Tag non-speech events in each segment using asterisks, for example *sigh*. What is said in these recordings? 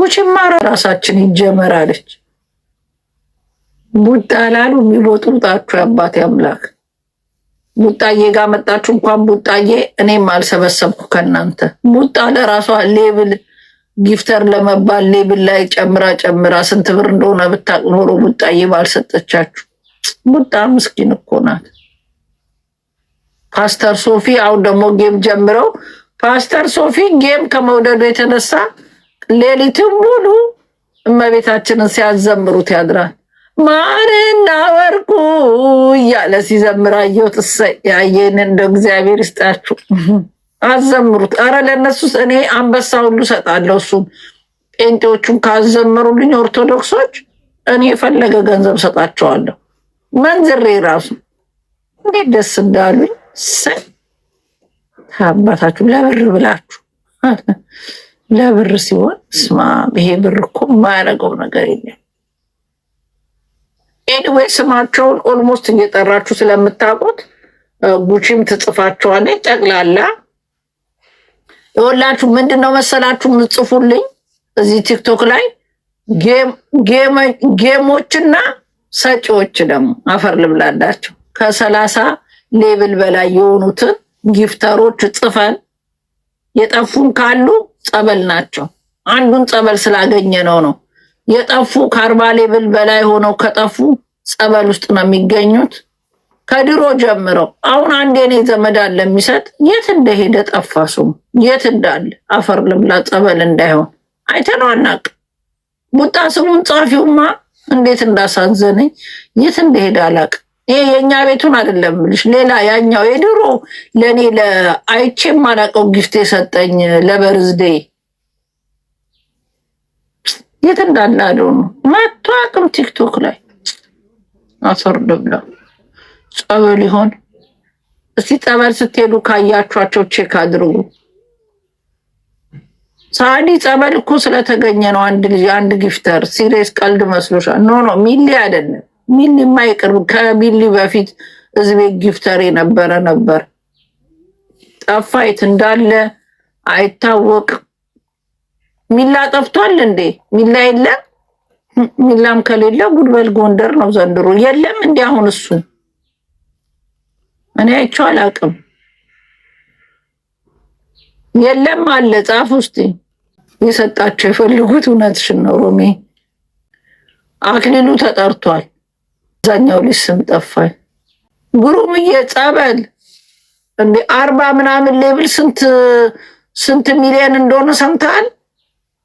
ጉችማራ ራሳችን ይጀመር አለች። ቡጣ ላሉ የሚቦጡ ጣችሁ የአባቴ አምላክ ቡጣዬ ጋር መጣችሁ። እንኳን ቡጣዬ እኔም አልሰበሰብኩ ከእናንተ ቡጣ ለራሷ ሌብል ጊፍተር ለመባል ሌብል ላይ ጨምራ ጨምራ ስንት ብር እንደሆነ ብታቅ ኖሮ ቡጣዬ ባልሰጠቻችሁ። ቡጣ ምስኪን እኮ ናት። ፓስተር ሶፊ አሁን ደግሞ ጌም ጀምረው ፓስተር ሶፊ ጌም ከመውደዱ የተነሳ ሌሊትም ሙሉ እመቤታችንን ሲያዘምሩት ያድራል። ማርና ወርቁ እያለ ሲዘምራ አየሁት። ያየን እንደ እግዚአብሔር ይስጣችሁ። አዘምሩት። አረ ለእነሱስ እኔ አንበሳ ሁሉ ሰጣለሁ። እሱም ጴንጤዎቹን ካዘመሩልኝ ኦርቶዶክሶች እኔ የፈለገ ገንዘብ ሰጣቸዋለሁ። መንዝሬ ራሱ እንዴት ደስ እንዳሉኝ አባታችሁ ለብር ብላችሁ ለብር ሲሆን ስማ፣ ይሄ ብር እኮ የማያደርገው ነገር የለም። ኤኒዌይ ስማቸውን ኦልሞስት እየጠራችሁ ስለምታውቁት ጉቺም ትጽፋቸዋለች። ጠቅላላ የወላችሁ ምንድነው መሰላችሁ ምጽፉልኝ እዚህ ቲክቶክ ላይ ጌሞችና ሰጪዎች ደግሞ አፈር ልብላላቸው ከሰላሳ ሌብል በላይ የሆኑትን ጊፍተሮች ጽፈን የጠፉን ካሉ ጸበል ናቸው። አንዱን ጸበል ስላገኘ ነው ነው የጠፉ ከአርባ ሌብል በላይ ሆነው ከጠፉ ጸበል ውስጥ ነው የሚገኙት። ከድሮ ጀምረው አሁን አንድ የኔ ዘመድ አለ የሚሰጥ የት እንደሄደ ጠፋ። የት እንዳለ አፈር ልብላ ጸበል እንዳይሆን አይተነው አናቅ። ቡጣ ስሙን ጻፊውማ እንዴት እንዳሳዘነኝ የት እንደሄደ አላውቅም። ይሄ የእኛ ቤቱን አይደለም ልሽ ሌላ ያኛው የድሮ ለእኔ ለአይቼ ማላቀው ጊፍት የሰጠኝ ለበርዝዴ የት እንዳለ ነው መቶ አቅም ቲክቶክ ላይ አስወርድ ብላ ጸበል ይሆን እስቲ ጸበል ስትሄዱ ካያችኋቸው ቼክ አድርጉ። ሳዲ ጸበል እኮ ስለተገኘ ነው። አንድ ልጅ አንድ ጊፍተር ሲሪየስ ቀልድ መስሎሻል? ኖ ኖ ሚሊ አይደለም ሚሊማ አይቅርም። ከሚሊ በፊት እዚህ ቤት ጊፍተር የነበረ ነበር። ጠፋ፣ የት እንዳለ አይታወቅ። ሚላ ጠፍቷል እንዴ? ሚላ የለም። ሚላም ከሌለ ጉድበል ጎንደር ነው ዘንድሮ። የለም እንዲ አሁን እሱ እኔ አይቼው አላውቅም። የለም አለ ጻፍ ውስጥ የሰጣቸው የፈልጉት እውነትሽን ነው ሮሜ። አክሊሉ ተጠርቷል። አብዛኛው ልጅ ስም ጠፋኝ። ግሩምዬ ጸበል እንደ አርባ ምናምን ሌብል ስንት ስንት ሚሊየን እንደሆነ ሰምተሃል?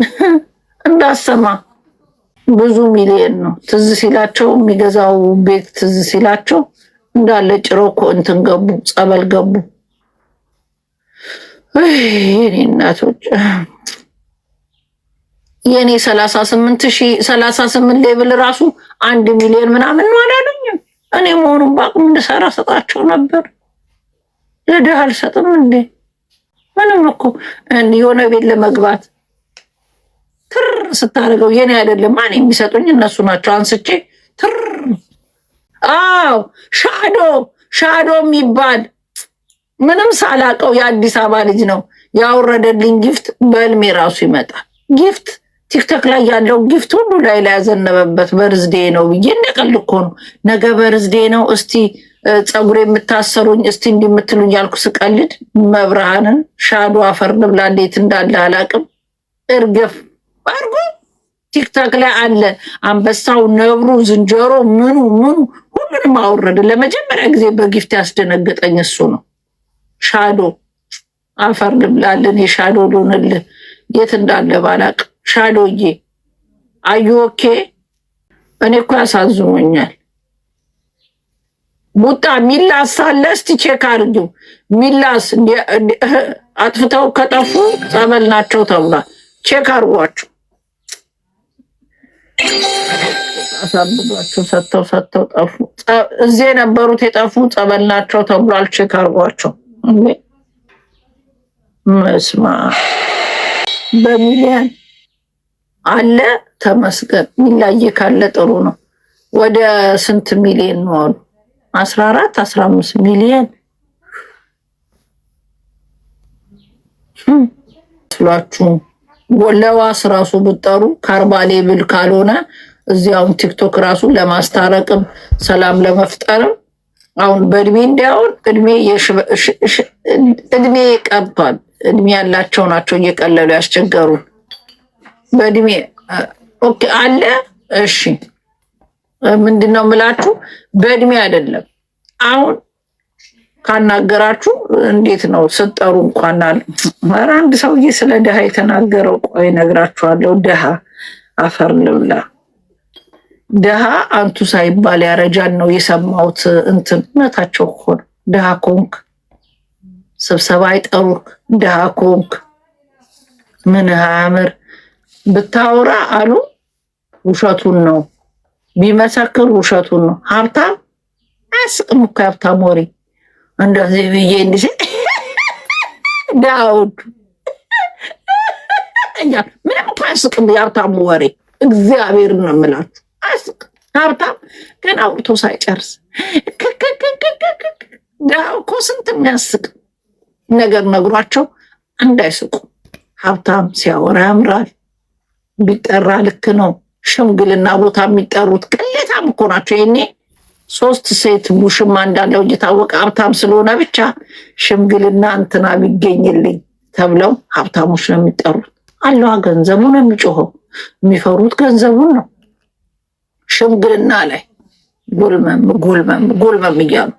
*laughs* እንዳሰማ ብዙ ሚሊየን ነው። ትዝ ሲላቸው የሚገዛው ቤት ትዝ ሲላቸው እንዳለ ጭሮ እኮ እንትን ገቡ፣ ጸበል ገቡ። የኔ እናቶች የእኔ ሰላሳ ስምንት ሺ ሰላሳ ስምንት ሌብል ራሱ አንድ ሚሊዮን ምናምን ነው አላለኝም። እኔ መሆኑን በአቅም እንድሰራ ሰጣቸው ነበር። ለድሃ አልሰጥም እንዴ? ምንም እኮ የሆነ ቤት ለመግባት ትር ስታደርገው የኔ አይደለም ማን የሚሰጡኝ እነሱ ናቸው። አንስቼ ትር አዎ፣ ሻዶ ሻዶ የሚባል ምንም ሳላቀው የአዲስ አበባ ልጅ ነው ያወረደልኝ ጊፍት። በህልሜ ራሱ ይመጣል ጊፍት ቲክቶክ ላይ ያለው ጊፍት ሁሉ ላይ ላይ ያዘነበበት በርዝዴ ነው ብዬ እንደቀል እኮ ነው። ነገ በርዝዴ ነው፣ እስቲ ፀጉር የምታሰሩኝ እስቲ እንዲምትሉኝ ያልኩ ስቀልድ መብርሃንን ሻዶ አፈር ንብላ እንዴት እንዳለ አላቅም። እርግፍ አርጎ ቲክቶክ ላይ አለ። አንበሳው፣ ነብሩ፣ ዝንጀሮ ምኑ ምኑ ሁሉንም አወረደ። ለመጀመሪያ ጊዜ በጊፍት ያስደነገጠኝ እሱ ነው። ሻዶ አፈር ልብላልን የሻዶ ልሆንልህ የት እንዳለ ባላቅም ሻሎዬ አዩኬ እኔ እኮ ያሳዝኖኛል። ቡጣ ሚላስ ሳለ እስቲ ቼክ አድርጊው። ሚላስ አጥፍተው ከጠፉ ጸበል ናቸው ተብሏል። ቼክ አርጓቸው። አሳብዷቸው ሰጥተው ሰጥተው ጠፉ። እዚህ የነበሩት የጠፉ ጸበል ናቸው ተብሏል። ቼክ አርጓቸው። መስማ በሚሊያን አለ ተመስገን። የሚለየ ካለ ጥሩ ነው። ወደ ስንት ሚሊዮን ነው አሉ? አስራ አራት አስራ አምስት ሚሊዮን ስሏችሁ ለዋስ ራሱ ብጠሩ ከአርባ ሌብል ካልሆነ እዚያውን ቲክቶክ ራሱ ለማስታረቅም ሰላም ለመፍጠርም አሁን በእድሜ እንዲያውን እድሜ እድሜ ቀርቷል። እድሜ ያላቸው ናቸው እየቀለሉ ያስቸገሩን። በእድሜ አለ። እሺ ምንድን ነው የምላችሁ? በእድሜ አይደለም። አሁን ካናገራችሁ እንዴት ነው ስትጠሩ እንኳን ኧረ አንድ ሰውዬ ስለ ድሃ የተናገረው ቆይ እነግራችኋለሁ። ድሃ አፈር ልብላ ድሃ አንቱ ሳይባል ያረጃን ነው የሰማሁት። እንትን እውነታቸው እኮ ነው። ድሃ ኮንክ ስብሰባ አይጠሩክ፣ ድሃ ኮንክ ምን አያምር ብታወራ አሉ ውሸቱን ነው፣ ቢመሰክር ውሸቱን ነው። ሀብታም አያስቅም እኮ ሀብታም ወሬ እንደዚህ ብዬ እንዲ *laughs* ዳውድ *laughs* ምንም እኮ አያስቅም የሀብታሙ ወሬ እግዚአብሔር ነው የምላችሁ አያስቅም። ሀብታም ገና አውርቶ ሳይጨርስ ድሃው *laughs* እኮ ስንት የሚያስቅ ነገር ነግሯቸው እንዳይስቁ ሀብታም ሲያወራ ያምራል። ቢጠራ ልክ ነው። ሽምግልና ቦታ የሚጠሩት ቅሌታም እኮ ናቸው። ይኔ ሶስት ሴት ሙሽማ እንዳለው እየታወቀ ሀብታም ስለሆነ ብቻ ሽምግልና እንትና ቢገኝልኝ ተብለው ሀብታሞች ነው የሚጠሩት። አለዋ ገንዘቡ ነው የሚጮኸው። የሚፈሩት ገንዘቡን ነው። ሽምግልና ላይ ጎልመም ጎልመም ጎልመም እያሉ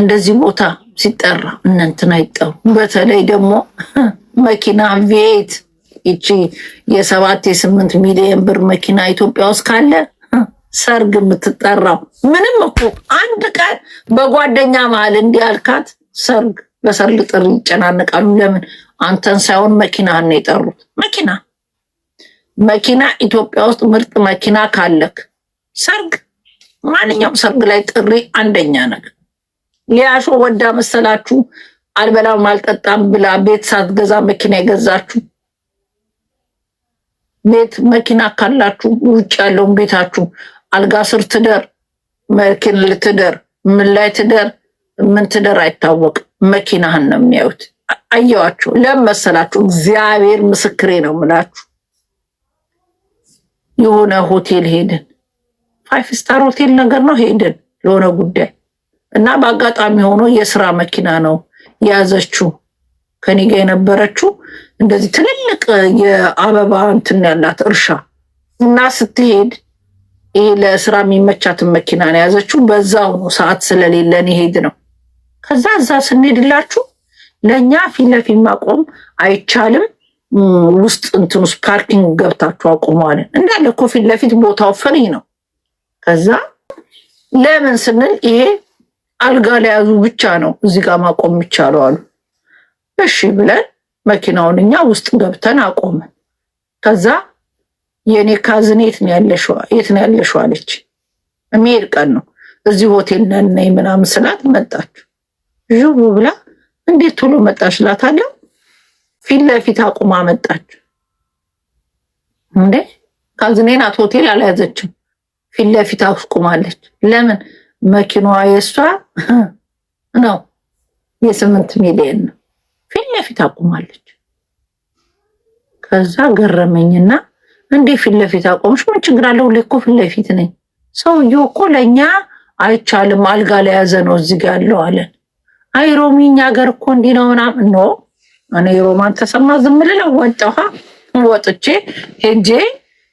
እንደዚህ ቦታ ሲጠራ እነ እንትና ይጠሩ። በተለይ ደግሞ መኪና ቤት ይቺ የሰባት የስምንት ሚሊዮን ብር መኪና ኢትዮጵያ ውስጥ ካለ ሰርግ የምትጠራው ምንም እኮ አንድ ቀን በጓደኛ መሀል እንዲያልካት ሰርግ በሰርግ ጥሪ ይጨናነቃሉ። ለምን አንተን ሳይሆን መኪናህን ነው የጠሩት። መኪና መኪና ኢትዮጵያ ውስጥ ምርጥ መኪና ካለክ ሰርግ፣ ማንኛውም ሰርግ ላይ ጥሪ አንደኛ ነገር። ሊያሾ ወዳ መሰላችሁ አልበላም አልጠጣም ብላ ቤት ሳትገዛ መኪና የገዛችሁ ቤት መኪና ካላችሁ ውጭ ያለውን ቤታችሁ አልጋ ስር ትደር፣ መኪና ልትደር፣ ምን ላይ ትደር፣ ምን ትደር አይታወቅም። መኪናህን ነው የሚያዩት። አየዋችሁ። ለም መሰላችሁ? እግዚአብሔር ምስክሬ ነው ምላችሁ። የሆነ ሆቴል ሄድን፣ ፋይፍ ስታር ሆቴል ነገር ነው ሄድን ለሆነ ጉዳይ እና በአጋጣሚ ሆኖ የስራ መኪና ነው የያዘችው ከኔ ጋ የነበረችው እንደዚህ ትልልቅ የአበባ እንትን ያላት እርሻ እና ስትሄድ ይሄ ለስራ የሚመቻትን መኪና ነው የያዘችው። በዛው ነው ሰዓት ስለሌለን ይሄድ ነው። ከዛ እዛ ስንሄድላችሁ ለእኛ ፊት ለፊት ማቆም አይቻልም። ውስጥ እንትን ውስጥ ፓርኪንግ ገብታችሁ አቁመዋለን እንዳለ እኮ ፊት ለፊት ቦታው ፍሪ ነው። ከዛ ለምን ስንል ይሄ አልጋ ለያዙ ብቻ ነው እዚህ ጋር ማቆም ይቻለዋሉ። እሺ ብለን መኪናውን እኛ ውስጥ ገብተን አቆምን። ከዛ የእኔ ካዝን የት ነው ያለሽው አለች። የሚሄድ ቀን ነው እዚህ ሆቴል ነነይ ምናምን ስላት መጣች። ዥቡ ብላ እንዴት ቶሎ መጣች እላታለሁ። ፊት ለፊት አቁማ መጣች። እንዴ ካዝኔ ናት፣ ሆቴል አልያዘችም፣ ፊት ለፊት አቁማለች። ለምን መኪናዋ የእሷ ነው፣ የስምንት ሚሊየን ነው። ፊት ለፊት አቁማለች። ከዛ ገረመኝና እንዴ ፊት ለፊት አቆምሽ? ምን ችግር አለው? ሁሌ እኮ ፊት ለፊት ነኝ። ሰውዬው እኮ ለእኛ አይቻልም አልጋ ላይ ያዘ ነው እዚህ ጋ ያለው አለን። አይ ሮሚ እኛ ሀገር እኮ እንዲህ ነው ምናምን ኖ እኔ ሮማን ተሰማ ዝም ልለው ወጣሁ። ወጥቼ ሄጄ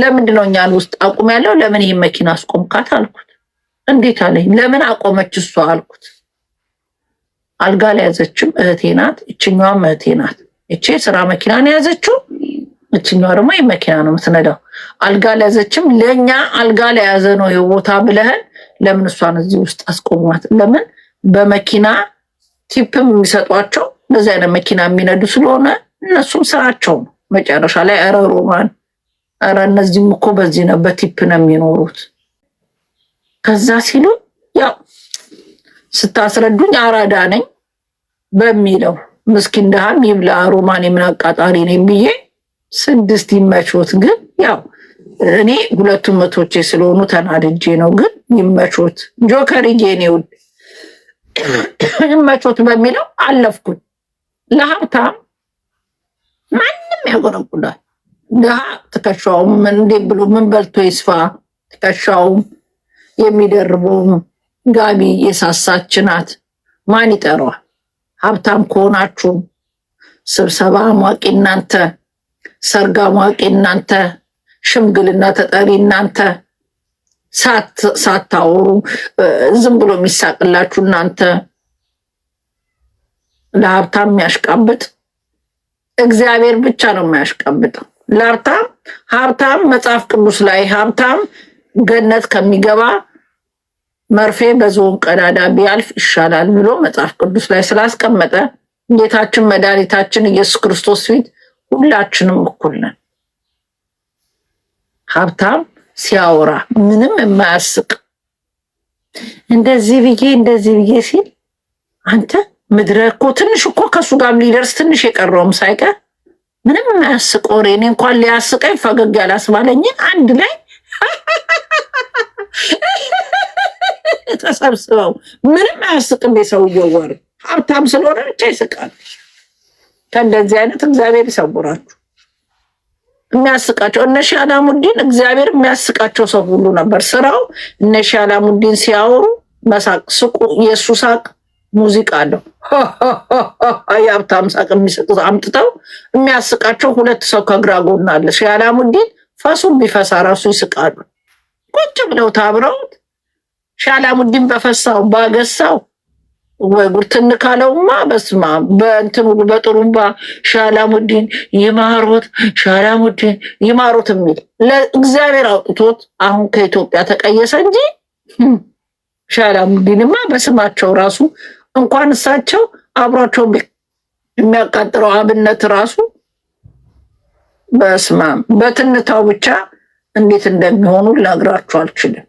ለምንድን ነው እኛን ውስጥ አቁም ያለው? ለምን ይህ መኪና አስቆምካት አልኩት። እንዴት አለኝ። ለምን አቆመች እሷ አልኩት። አልጋ ላይ ያዘችም እህቴ ናት። እችኛዋም እህቴ ናት። እቼ ስራ መኪና ነው የያዘችው። እችኛዋ ደግሞ ይህ መኪና ነው የምትነዳው። አልጋ ላይ ያዘችም ለእኛ አልጋ ላይ ያዘ ነው የቦታ ብለህን ለምን እሷን እዚህ ውስጥ አስቆሟት? ለምን በመኪና ቲፕም የሚሰጧቸው እንደዚህ አይነት መኪና የሚነዱ ስለሆነ እነሱም ስራቸው ነው። መጨረሻ ላይ ረ ሮማን ረ እነዚህም እኮ በዚህ ነው በቲፕ ነው የሚኖሩት ከዛ ሲሉ ያው ስታስረዱኝ አራዳ ነኝ በሚለው ምስኪን ድሃም ይብላ ሮማን የምን አቃጣሪ ነኝ ብዬ ስድስት ይመቾት። ግን ያው እኔ ሁለቱም መቶቼ ስለሆኑ ተናድጄ ነው። ግን ይመቾት ጆከር ጌኔው ይመቾት በሚለው አለፍኩኝ። ለሀብታም ማንም ያጎረቁላል። ድሃ ትከሻውም እንዴ ብሎ ምን በልቶ ይስፋ ትከሻውም የሚደርበውም ጋቢ የሳሳች ናት። ማን ይጠሯል? ሀብታም ከሆናችሁም ስብሰባ አሟቂ እናንተ፣ ሰርግ አሟቂ እናንተ፣ ሽምግልና ተጠሪ እናንተ፣ ሳታወሩ ዝም ብሎ የሚሳቅላችሁ እናንተ፣ ለሀብታም የሚያሽቃብጥ እግዚአብሔር ብቻ ነው የሚያሽቃብጠው። ለሀብታም ሀብታም መጽሐፍ ቅዱስ ላይ ሀብታም ገነት ከሚገባ መርፌ በዝሆን ቀዳዳ ቢያልፍ ይሻላል ብሎ መጽሐፍ ቅዱስ ላይ ስላስቀመጠ ጌታችን መድኃኒታችን ኢየሱስ ክርስቶስ ፊት ሁላችንም እኩል ነን። ሀብታም ሲያወራ ምንም የማያስቅ እንደዚህ ብዬ እንደዚህ ብዬ ሲል አንተ ምድረ እኮ ትንሽ እኮ ከሱ ጋር ሊደርስ ትንሽ የቀረውም ሳይቀር ምንም የማያስቅ ወሬ እኔ እንኳን ሊያስቀኝ ፈገግ ያላስባለኝን አንድ ላይ *laughs* ተሰብስበው ምንም አያስቅም። የሰውየው ወር ሀብታም ስለሆነ ብቻ ይስቃል። ከእንደዚህ አይነት እግዚአብሔር ይሰውራችሁ። የሚያስቃቸው እነ አላሙዲን እግዚአብሔር የሚያስቃቸው ሰው ሁሉ ነበር ስራው። እነ አላሙዲን ሲያወሩ መሳቅ ስቁ። የእሱ ሳቅ ሙዚቃ አለው። የሀብታም ሳቅ አምጥተው የሚያስቃቸው ሁለት ሰው ከግራ አለ። ሺህ አላሙዲን ፈሱም ቢፈሳ ራሱ ይስቃሉ። ቁጭ ብለው ታብረውት ሻላሙዲን በፈሳው ባገሳው ወይ ጉድ ትንካለውማ። በስማ በእንትን በጥሩምባ ሻላሙዲን ይማሮት፣ ሻላሙዲን ይማሮት የሚል ለእግዚአብሔር አውጥቶት አሁን ከኢትዮጵያ ተቀየሰ እንጂ ሻላሙዲንማ በስማቸው ራሱ እንኳን እሳቸው አብሯቸው የሚያቃጥረው አብነት ራሱ በስማም በትንታው ብቻ እንዴት እንደሚሆኑ ላግራችሁ አልችልም።